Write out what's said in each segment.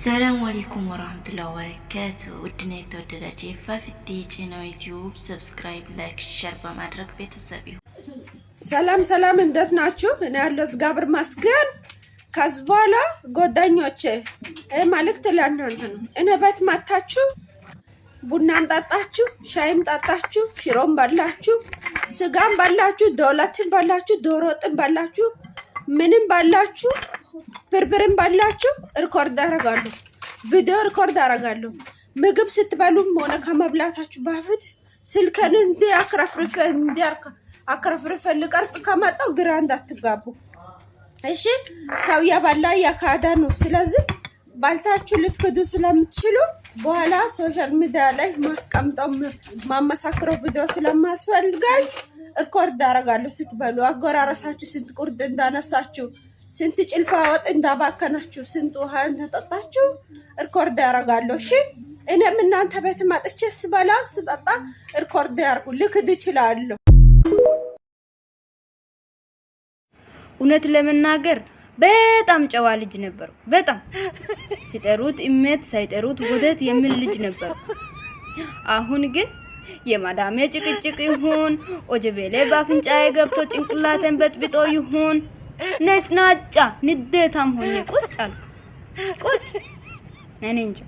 ሰላም አሌይኩም ወረህመቱላ ወበረካቱ። ውድና የተወደዳችሁ የፋፊቴ ጭናው ዩቲዩብ ሰብስክራይብ፣ ላይክ፣ ሸር በማድረግ ቤተሰብ ይሁን። ሰላም ሰላም፣ እንዴት ናችሁ? እኔ ያለው እግዚአብሔር ይመስገን። ከዚህ በኋላ ጓደኞቼ መልዕክት ለእናንተ ነው። እኔ ቤት መታችሁ ቡናም ጠጣችሁ፣ ሻይም ጠጣችሁ፣ ሽሮም በላችሁ፣ ስጋም በላችሁ፣ ዶላትም በላችሁ፣ ዶሮ ወጥም በላችሁ፣ ምንም በላችሁ ብርብርም ባላችሁ ሪኮርድ አረጋሉ፣ ቪዲዮ ሪኮርድ አረጋሉ። ምግብ ስትበሉም ሆነ ከመብላታችሁ በፊት ስልከን እንዲ አክረፍርፈ እንዲ አክረፍርፈ ልቀርጽ ከመጣው ግራ እንዳትጋቡ እሺ። ሰው ያባላ ያካዳ ነው። ስለዚህ ባልታችሁ ልትክዱ ስለምትችሉ በኋላ ሶሻል ሚዲያ ላይ ማስቀምጠው ማመሳክረው ቪዲዮ ስለማስፈልጋል ሪኮርድ አረጋለሁ ስትበሉ አጎራረሳችሁ ስንት ቁርጥ እንዳነሳችሁ ስንት ጭልፋ ወጥ እንዳባከናችሁ፣ ስንት ውሃ እንደጠጣችሁ ሪኮርድ ያደርጋለሁ። እሺ እኔም እናንተ ቤት መጥቼ ስበላ ስጠጣ ሪኮርድ ያርጉ። ልክድ እችላለሁ። እውነት ለመናገር በጣም ጨዋ ልጅ ነበር። በጣም ሲጠሩት እመት ሳይጠሩት ወደት የሚል ልጅ ነበር። አሁን ግን የማዳሜ ጭቅጭቅ ይሁን ኦጀቤሌ በአፍንጫዬ ገብቶ ጭንቅላቴን በጥብጦ ይሁን ነጭናጫ ንደታም ሆኜ ቁጭ አልኩ። ቁጭ እኔ እንጃ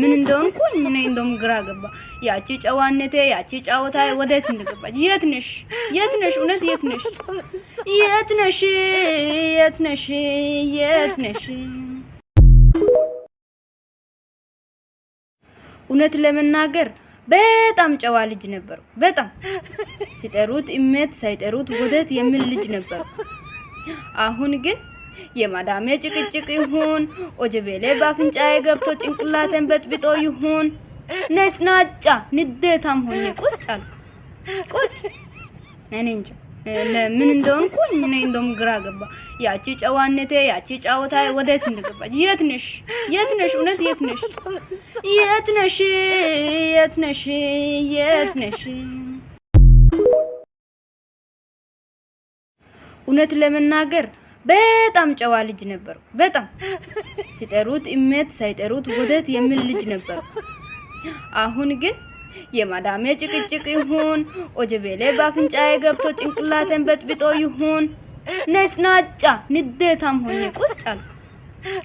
ምን እንደሆንኩኝ እኔ እንደውም ግራ ገባ። ያቺ ጨዋነቴ ያቺ ጫወታ ወዴት እንደገባች። የት ነሽ? የት ነሽ? እውነት የት ነሽ? የት ነሽ? የት ነሽ? የት ነሽ? እውነት ለመናገር በጣም ጨዋ ልጅ ነበርኩ። በጣም ሲጠሩት እመት ሳይጠሩት ወዴት የሚል ልጅ ነበርኩ። አሁን ግን የማዳሜ ጭቅጭቅ ይሁን ኦጀቤሌ ባፍንጫ የገብቶ ጭንቅላቴን በጥብጦ ይሁን ነጭናጫ ንዴታም ሆኜ ቁጭ አልኩ። ቁጭ እኔ እንጃ ምን እንደሆንኩ እኔ እንደውም ግራ ገባ። ያቺ ጨዋነቴ ያቺ ጫወታ ወዴት እንደገባች። የት ነሽ? የት ነሽ? እውነት የት ነሽ? የት ነሽ? የት ነሽ? የት ነሽ? እውነት ለመናገር በጣም ጨዋ ልጅ ነበር። በጣም ሲጠሩት እመት ሳይጠሩት ወደት የሚል ልጅ ነበር። አሁን ግን የማዳሜ ጭቅጭቅ ይሁን ኦጀቤሌ በአፍንጫዬ ገብቶ ጭንቅላቴን በጥብጦ ይሁን ነጭናጫ ንዴታም ሆኜ ቁጭ አልኩ።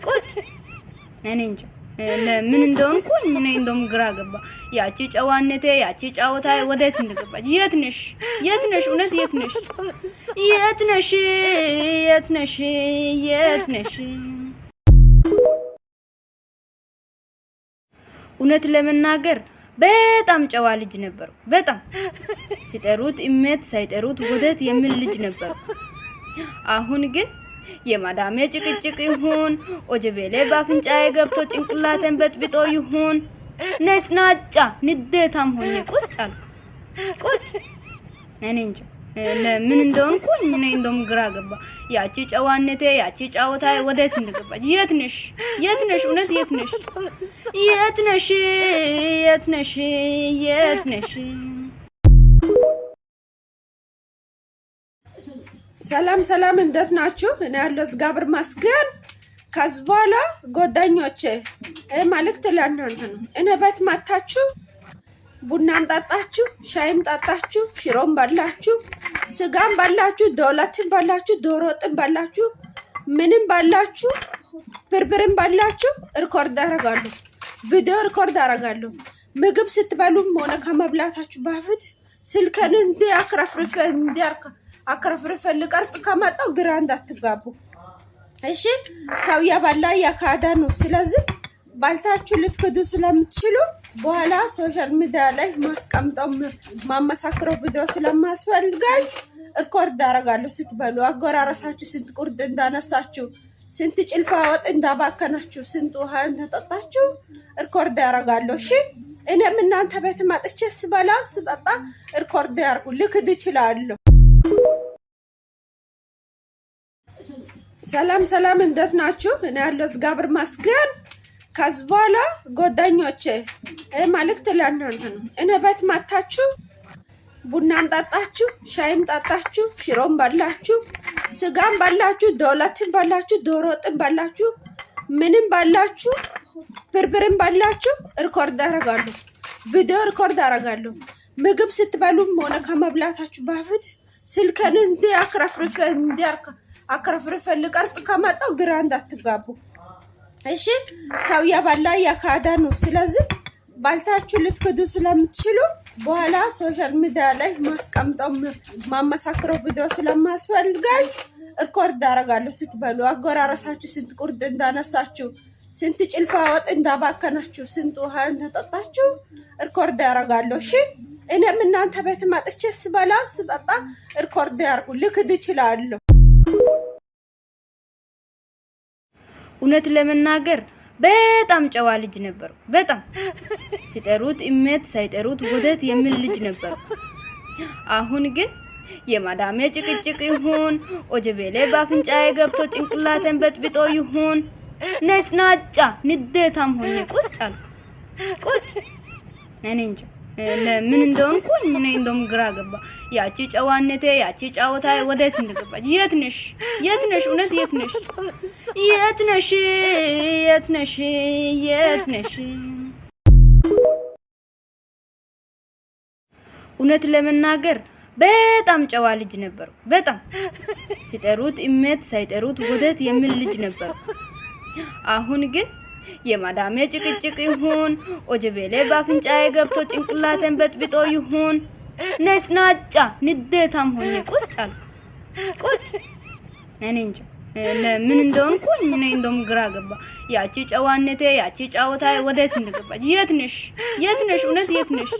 ቁጭ እኔ እንጃ ምን እንደሆንኩ እኔ እንደውም ግራ ገባ። ያቺ ጨዋነቴ ያቺ ጫወታ ወዴት እንደገባች? የት ነሽ? የት ነሽ? እውነት የት ነሽ? የት ነሽ? የት ነሽ? የት ነሽ? እውነት ለመናገር በጣም ጨዋ ልጅ ነበር። በጣም ሲጠሩት እመት ሳይጠሩት ወዴት የምን ልጅ ነበር። አሁን ግን የማዳሜ ጭቅጭቅ ይሁን ኦጀቤሌ በአፍንጫዬ ገብቶ ጭንቅላቴን በጥብጦ ይሁን ነጭናጫ ንዴታም ሆኜ ቁጭ አልኩ። ቁጭ እኔ እንጃ ምን እንደሆንኩ ምን እንደውም ግራ ገባ። ያቺ ጨዋነቴ ያቺ ጫወታ ወዴት እንደገባች። የት ነሽ? የት ነሽ? እውነት የት ነሽ? የት ነሽ? የት ነሽ? የት ነሽ? ሰላም ሰላም፣ እንዴት ናችሁ? እኔ ያለው እግዚአብሔር ይመስገን። ከዚህ በኋላ ጓደኞቼ መልእክት ለእናንተ ነው። እኔ ቤት መታችሁ ቡናም ጠጣችሁ፣ ሻይም ጠጣችሁ፣ ሽሮም በላችሁ፣ ስጋም በላችሁ፣ ዶላትም በላችሁ፣ ዶሮ በላችሁ፣ ምንም በላችሁ፣ ብርብርም በላችሁ፣ ሪኮርድ አደርጋለሁ፣ ቪዲዮ ሪኮርድ አደርጋለሁ። ምግብ ስትበሉም ሆነ ከመብላታችሁ በፊት ስልከን እንዲ አክረፍርፌ እንዲ አክረፍርፌ ልቀርጽ ከመጣው ግራ እንዳትጋቡ። እሺ ሰው የበላ የካደ ነው። ስለዚህ ባልታችሁ ልትክዱ ስለምትችሉ በኋላ ሶሻል ሚዲያ ላይ ማስቀምጠው ማመሳክረው ቪዲዮ ስለማስፈልጋል ሪኮርድ አደርጋለሁ። ስትበሉ አጎራረሳችሁ፣ ስንት ቁርጥ እንዳነሳችሁ፣ ስንት ጭልፋ ወጥ እንዳባከናችሁ፣ ስንት ውሃ እንደጠጣችሁ ሪኮርድ አደርጋለሁ። እሺ እኔም እናንተ ቤት መጥቼ ስበላ ስጠጣ ሪኮርድ ያርጉ ልክድ ይችላለሁ። ሰላም ሰላም፣ እንዴት ናችሁ? እኔ ያለው እግዚአብሔር ይመስገን። ከዚህ በኋላ ጓደኞቼ መልዕክት ለእናንተ ነው። እኔ ቤት መታችሁ ቡናም ጠጣችሁ፣ ሻይም ጠጣችሁ፣ ሽሮም በላችሁ፣ ስጋም በላችሁ፣ ዶላትም በላችሁ፣ ዶሮጥም ወጥም በላችሁ፣ ምንም በላችሁ፣ ፍርፍርም በላችሁ፣ ሪኮርድ አደርጋለሁ፣ ቪዲዮ ሪኮርድ አደርጋለሁ። ምግብ ስትበሉም ሆነ ከመብላታችሁ በፊት ስልክን እንዲህ አክረፍርፌ እንዲህ አከረፍርፈ ልቀርጽ ከመጣው ግራ እንዳትጋቡ እሺ። ሰው ያባላ ያካዳ ነው። ስለዚህ ባልታችሁ ልትክዱ ስለምትችሉ በኋላ ሶሻል ሚዲያ ላይ ማስቀምጠው ማመሳክረው ቪዲዮ ስለማስፈልጋል ሪኮርድ አደርጋለሁ። ስትበሉ አጎራረሳችሁ፣ ስንት ቁርጥ እንዳነሳችሁ፣ ስንት ጭልፋ ወጥ እንዳባከናችሁ፣ ስንት ውሃ እንደጠጣችሁ ሪኮርድ አደርጋለሁ። እሺ እኔም እናንተ ቤት መጥቼ ስበላ ስጠጣ ሪኮርድ ያርጉ። ልክድ እችላለሁ። እውነት ለመናገር በጣም ጨዋ ልጅ ነበር። በጣም ሲጠሩት እመት ሳይጠሩት ወተት የሚል ልጅ ነበር። አሁን ግን የማዳሜ ጭቅጭቅ ይሁን ኦጀቤሌ በአፍንጫዬ የገብቶ ጭንቅላቴን በጥብጦ ይሁን ነጭናጫ ንዴታም ሆኜ ቁጭ አልኩ። ቁጭ እኔ እንጃ ለምን እንደሆንኩ እኔ እንደውም ግራ ገባ። ያቺ ጨዋነቴ ያቺ ጫወታ ወዴት እንደገባች? የት ነሽ? የት ነሽ? እውነት የት ነሽ? የት ነሽ? የት ነሽ? የት ነሽ? እውነት ለመናገር በጣም ጨዋ ልጅ ነበር። በጣም ሲጠሩት እመት ሳይጠሩት ወደት የሚል ልጅ ነበር። አሁን ግን የማዳሜ ጭቅጭቅ ይሁን ኦጀቤሌ በአፍንጫዬ ገብቶ ጭንቅላቴን በጥብጦ ይሁን ነጭናጫ ንደታም ሆኜ ቁጭ አሉ ቁጭ እኔ እንጃ ምን እንደሆንኩ እኔ እንደም ግራ ገባ። ያቺ ጨዋነቴ ያቺ ጫወታ ወዴት እንደገባች። የት ነሽ? የት ነሽ? እውነት የት ነሽ?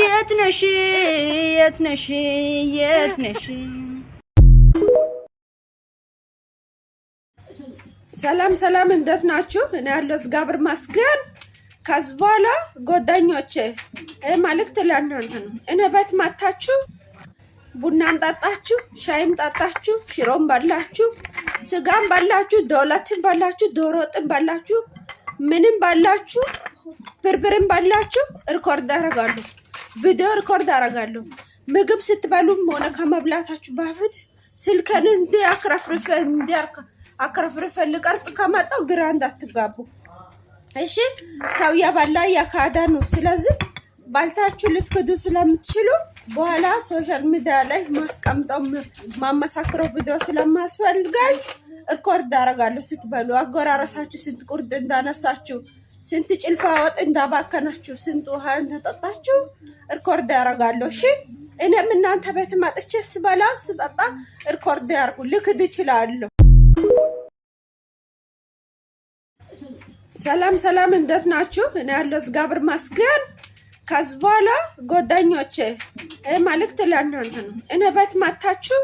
የት ነሽ? የት ነሽ? የት ነሽ? ሰላም ሰላም፣ እንዴት ናችሁ? እኔ ያለው እግዚአብሔር ይመስገን። ከዚህ በኋላ ጎደኞቼ መልእክት ለእናንተ ነው። እኔ ቤት መታችሁ ቡናም ጠጣችሁ፣ ሻይም ጠጣችሁ፣ ሽሮም በላችሁ፣ ስጋም በላችሁ፣ ዶላትም በላችሁ፣ ዶሮ በላችሁ፣ ምንም በላችሁ፣ ፍርፍርም በላችሁ፣ ሪኮርድ አደርጋለሁ፣ ቪዲዮ ሪኮርድ አደርጋለሁ። ምግብ ስትበሉም ሆነ ከመብላታችሁ በፊት ስልከን እንዲ አክረፍርፈ እንዲ አክረፍርፈ ልቀርጽ ከመጣው ግራ እንዳትጋቡ። እሺ ሰው የበላ የካደ ነው። ስለዚህ ባልታችሁ ልትክዱ ስለምትችሉ በኋላ ሶሻል ሚዲያ ላይ ማስቀምጠው ማመሳክረው ቪዲዮ ስለማስፈልጋል ሪኮርድ አደርጋለሁ። ስትበሉ አጎራረሳችሁ፣ ስንት ቁርጥ እንዳነሳችሁ፣ ስንት ጭልፋ ወጥ እንዳባከናችሁ፣ ስንት ውሃ እንደጠጣችሁ ሪኮርድ አደርጋለሁ። እሺ እኔም እናንተ ቤት መጥቼ ስበላ ስጠጣ ሪኮርድ ያርጉ ልክድ ይችላለሁ። ሰላም ሰላም፣ እንዴት ናችሁ? እኔ ያለው እግዚአብሔር ይመስገን። ከዚህ በኋላ ጓደኞቼ መልዕክት ለእናንተ ነው። እኔ ቤት መታችሁ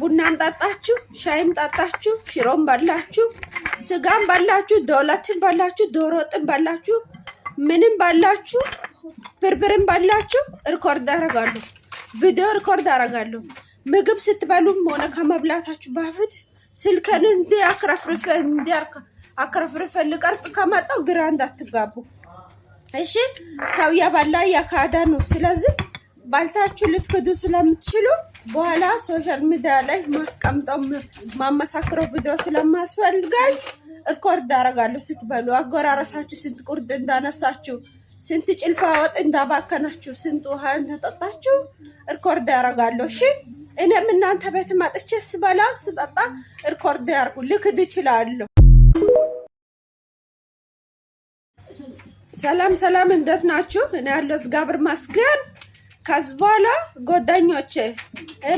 ቡናን ጠጣችሁ፣ ሻይም ጠጣችሁ፣ ሽሮም በላችሁ፣ ስጋም በላችሁ፣ ዶላትም በላችሁ፣ ዶሮጥም ወጥም በላችሁ፣ ምንም በላችሁ፣ ፍርፍርም በላችሁ፣ ሪኮርድ አደርጋለሁ፣ ቪዲዮ ሪኮርድ አደርጋለሁ። ምግብ ስትበሉም ሆነ ከመብላታችሁ በፊት ስልክን እንዲህ አክረፍርፌ እንዲህ አከርፍርፍ ልቀርጽ ከመጣው ግራ እንዳትጋቡ እሺ። ሰው ያባላ ያካዳ ነው። ስለዚህ ባልታችሁ ልትክዱ ስለምትችሉ በኋላ ሶሻል ሚዲያ ላይ ማስቀምጠው ማመሳክረው ቪዲዮ ስለማስፈልጋል እኮርድ አደርጋለሁ። ስትበሉ አጎራረሳችሁ፣ ስንት ቁርጥ እንዳነሳችሁ፣ ስንት ጭልፋ ወጥ እንዳባከናችሁ፣ ስንት ውሃ እንደጠጣችሁ ሪኮርድ ያደርጋለሁ። እሺ እኔም እናንተ ቤት መጥቼ ስበላ ስጠጣ ሪኮርድ ያርጉ ልክድ እችላለሁ። ሰላም ሰላም፣ እንዴት ናችሁ? እኔ ያለው እግዚአብሔር ይመስገን። ከዚህ በኋላ ጓደኞቼ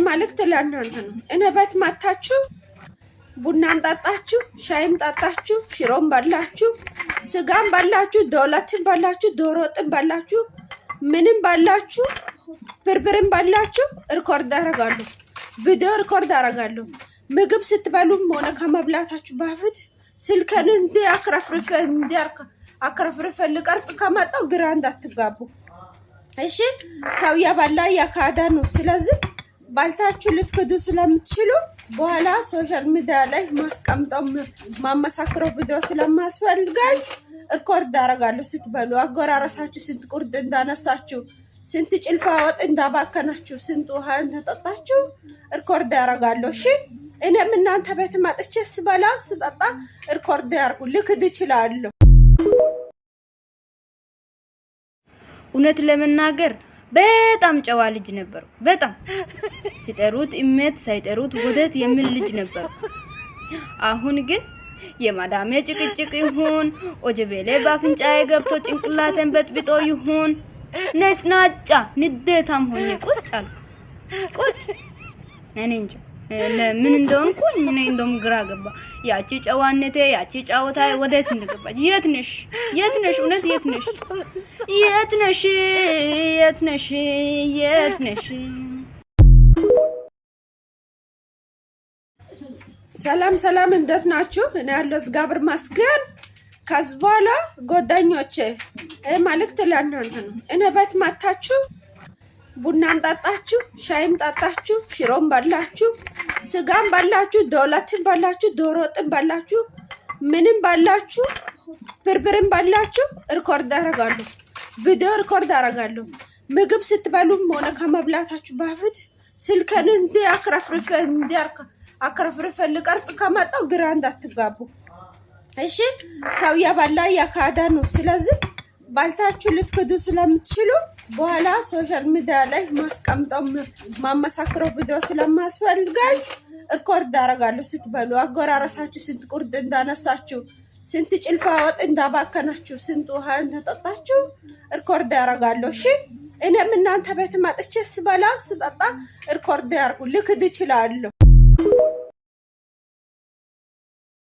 መልዕክት ለእናንተ ነው። እኔ ቤት መታችሁ ቡናም ጠጣችሁ፣ ሻይም ጠጣችሁ፣ ሽሮም በላችሁ፣ ስጋም በላችሁ፣ ዶላትም በላችሁ፣ ዶሮ ወጥም በላችሁ፣ ምንም በላችሁ፣ ፍርፍርም በላችሁ፣ ሪኮርድ አደርጋለሁ፣ ቪዲዮ ሪኮርድ አደርጋለሁ። ምግብ ስትበሉም ሆነ ከመብላታችሁ በፊት ስልከን እንዴ አክረፍርፈ እንደ አክረፍርፈ ልቀርጽ ከመጣው ግራ እንዳትጋቡ እሺ። ሰው ያባላ ያካዳ ነው። ስለዚህ ባልታችሁ ልትክዱ ስለምትችሉ በኋላ ሶሻል ሚዲያ ላይ ማስቀምጠው ማመሳክረው ቪዲዮ ስለማስፈልጋል ሪኮርድ አደርጋለሁ። ስትበሉ አጎራረሳችሁ፣ ስንት ቁርጥ እንዳነሳችሁ፣ ስንት ጭልፋ ወጥ እንዳባከናችሁ፣ ስንት ውሃ እንደጠጣችሁ ሪኮርድ አደርጋለሁ። እሺ እኔም እናንተ ቤት መጥቼ ስበላ ስጠጣ ሪኮርድ ያርጉ ልክድ ይችላሉ። እውነት ለመናገር በጣም ጨዋ ልጅ ነበር። በጣም ሲጠሩት እመት ሳይጠሩት ወተት የሚል ልጅ ነበር። አሁን ግን የማዳሜ ጭቅጭቅ ይሁን ኦጀቤሌ በአፍንጫዬ ገብቶ ጭንቅላቴን በጥብጦ ይሁን ነጭናጫ ንዴታም ሆኜ ቁጭ አልኩ። ቁጭ እኔ እንጃ ምን እንደሆንኩ እኔ እንደውም ግራ ገባ። ያቺ ጨዋነቴ ያቺ ጫወታ ወዴት እንደገባች። የት ነሽ? የት ነሽ? እውነት የት ነሽ? የት ነሽ? የት ነሽ? የት ነሽ? ሰላም ሰላም፣ እንዴት ናችሁ? እኔ ያለው እግዚአብሔር ይመስገን። ከዚህ በኋላ ጓደኞቼ መልዕክት ለእናንተ ነው። እኔ ቤት መታችሁ ቡናም ጠጣችሁ፣ ሻይም ጠጣችሁ፣ ሽሮም በላችሁ፣ ስጋም በላችሁ፣ ዶላትም በላችሁ፣ ዶሮ ወጥም በላችሁ፣ ምንም በላችሁ፣ ፍርፍርም በላችሁ፣ ሪኮርድ አደርጋለሁ። ቪዲዮ ሪኮርድ አደርጋለሁ። ምግብ ስትበሉም ሆነ ከመብላታችሁ በፊት ስልክን እንዲ አክረፍርፈ እንዲ አክረፍርፈ ልቀርጽ ከመጣው ግራ እንዳትጋቡ እሺ። ሰው ያበላ ያካዳ ነው። ስለዚህ ባልታችሁ ልትክዱ ስለምትችሉ በኋላ ሶሻል ሚዲያ ላይ ማስቀምጠው ማመሳክረው ቪዲዮ ስለማስፈልጋል ሪኮርድ አደርጋለሁ። ስትበሉ አጎራረሳችሁ፣ ስንት ቁርጥ እንዳነሳችሁ፣ ስንት ጭልፋ ወጥ እንዳባከናችሁ፣ ስንት ውሃ እንደጠጣችሁ ሪኮርድ አደርጋለሁ። እሺ እኔም እናንተ ቤት መጥቼ ስበላ ስጠጣ ሪኮርድ ያርጉ ልክድ ይችላሉ።